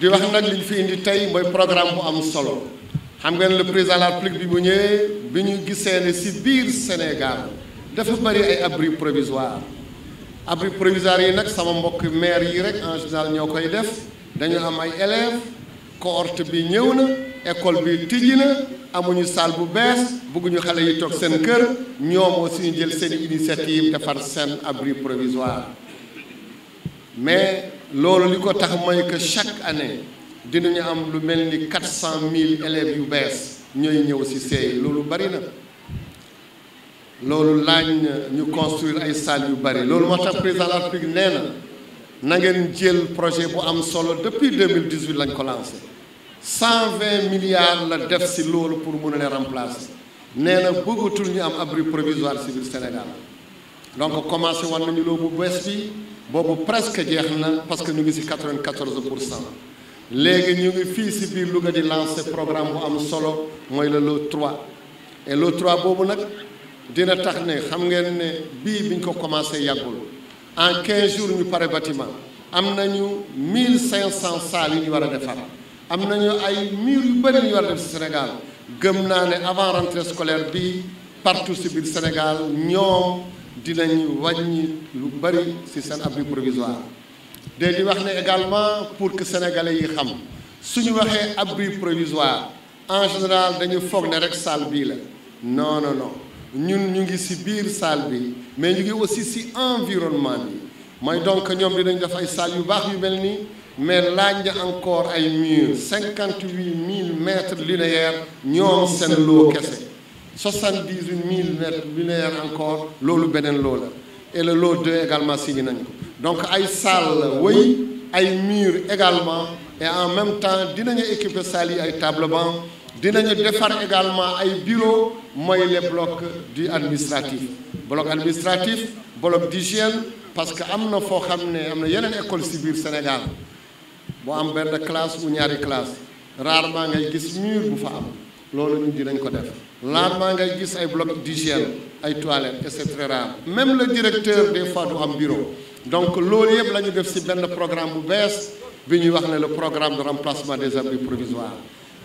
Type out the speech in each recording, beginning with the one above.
di wax nag liñ fi indi tey mooy programme bu am solo xam ngeen le président de la République bi mu ñëwee bi ñu gisee ne si biir Sénégal dafa bëri ay abri provisoire abri provisoire yi nag sama mbokk maire yi rek en général ñoo koy def dañu am ay élèves cohorte bi ñëw na école bi tijji na amuñu salle bu bees bëgguñu xale yi toog seen kër ñoom aussi ñu jël seen initiative defar seen abri provisoire mais loolu li ko tax mooy que chaque année dinañu am lu mel ni quatre mille élèves yu bees ñooy ñëw ci seey loolu bari na loolu laaj na ñu construire ay salle yu bari loolu moo tax président de la République nee na na ngeen jël projet bu am solo depuis 2018 lañ ko lancé 120 milliards la def ci loolu pour mun a leen remplacer nee na bëggatul ñu am abri provisoire ci biir Sénégal donc commencé war nañu loolu bu bees bi bobu presque jeex parce que ñu ngi ci 94 légui ñu ngi fii si biir Louga di lancer programme bu am solo moy le lot 3 et lot 3 bobu nak dina tax ne xam ngeen né bi biñ ko commencé yagul en 15 jours ñu paré bâtiment am nañu 1500 salles ñu wara a defar am nañu ay murs yu bari ñu wara def ci Sénégal gëm naa ne avant rentrée scolaire bi partout ci bir Sénégal ñoom dinañ wàññi lu bari ci un abri provisoire de li wax également pour que sénégalais yi xam suñu waxé abri provisoire en général dañu avons ne rek salle bi la non non non Nous ñu ngi ci biir salle bi mais ñu ngi aussi ci environnement bi avons donc ñom dinañ def ay salle yu baax yu melni mais laaj encore ay murs 58 000 mètres linéaires ñom sommes lo kessé 78 000 mètres encore l'eau Benen l'eau et le lot 2 également signé donc ay salle oui, également et en même temps dinañu équiper salle table banc également ay bureau les blocs du administratif bloc administratif bloc d'hygiène parce que y a une école une école ci Sénégal boo am classe ou des classe rarement il y mur des murs loolu ñun dinañ ko def rarement ngay gis ay bloc d'hygiène ay toilettes et rare même le directeur des fois a am bureau donc loolu yëpp la ñu def ci programme bu bi le programme de remplacement des abris provisoires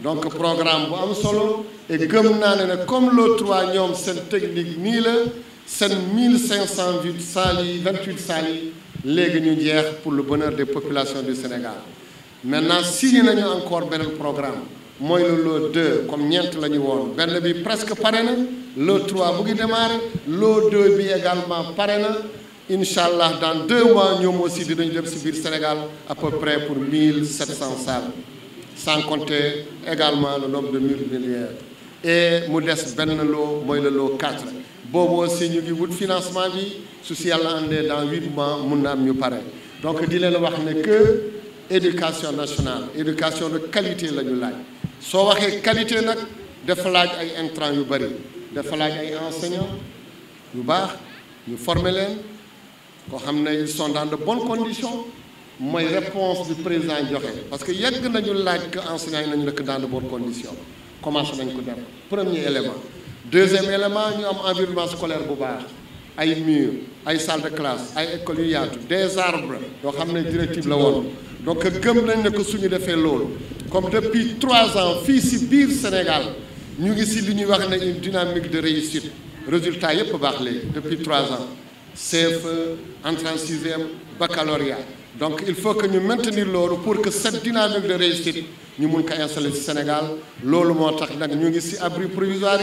donc programme bu am solo et gëm naa ne comme l'autre trois ñoom seen technique nii la seen vues 28 salis, ñu pour le bonheur des populations du Sénégal maintenant si nous avons encore un programme moy le lot 2 comme ñent la won Ben bi presque paré na lot 3 bu ngi démarrer Le 2 bi également paré na inshallah dans deux mois ñom aussi dinañu dem ci biir Sénégal à peu près pour 1700 salles sans compter également le nombre de murs et mu dess ben lo moy le lot 4 Bobo aussi ñu ngi wut financement bi su si yàlla dans 8 mois Nous na ñu donc di leen wax ne que éducation nationale éducation de qualité la ñu so waxe qualité nak def laaj ay intrants yu bari def laaj ay enseignants yu bax ñu former len ko ils sont dans de bonnes conditions moy réponse du président joxe parce que yegg nañu laaj que enseignants yi nañu dans de bonnes conditions commencé nañ ko def premier élément deuxième élément ñu am environnement scolaire bu baax ay murs ay salle de classe ay écoles yu yaatu des arbres yo xam directive la won donc gëm nañ ne ko suñu defé lolu comme depuis trois ans ici, si biir Sénégal ñu ngi nous li une dynamique de réussite résultat yëpp baax parler depuis trois ans CFE entrée en e baccalauréat donc il faut que nous maintenions l'eau pour que cette dynamique de réussite nous mun ko installer au Sénégal L'eau, moo tax nous ñu ngi abri provisoire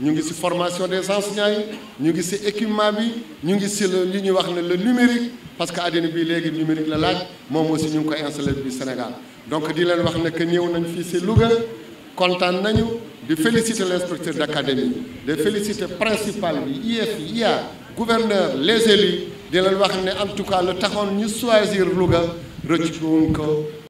nous ñu ngi formation des enseignants nous ñu ngi équipement bi ñu ngi le li le numérique parce que àddina bi numérique la là, moom aussi nous ngi koy au Sénégal donc je vous dis que nous, nañ fii si Louga kontaan nañu di féliciter l'inspecteur d'académie de féliciter principal du IFIA, le gouverneur les élus Je vous wax ne en tout cas temps taxoon ñu choisir Louga rëccuwuñ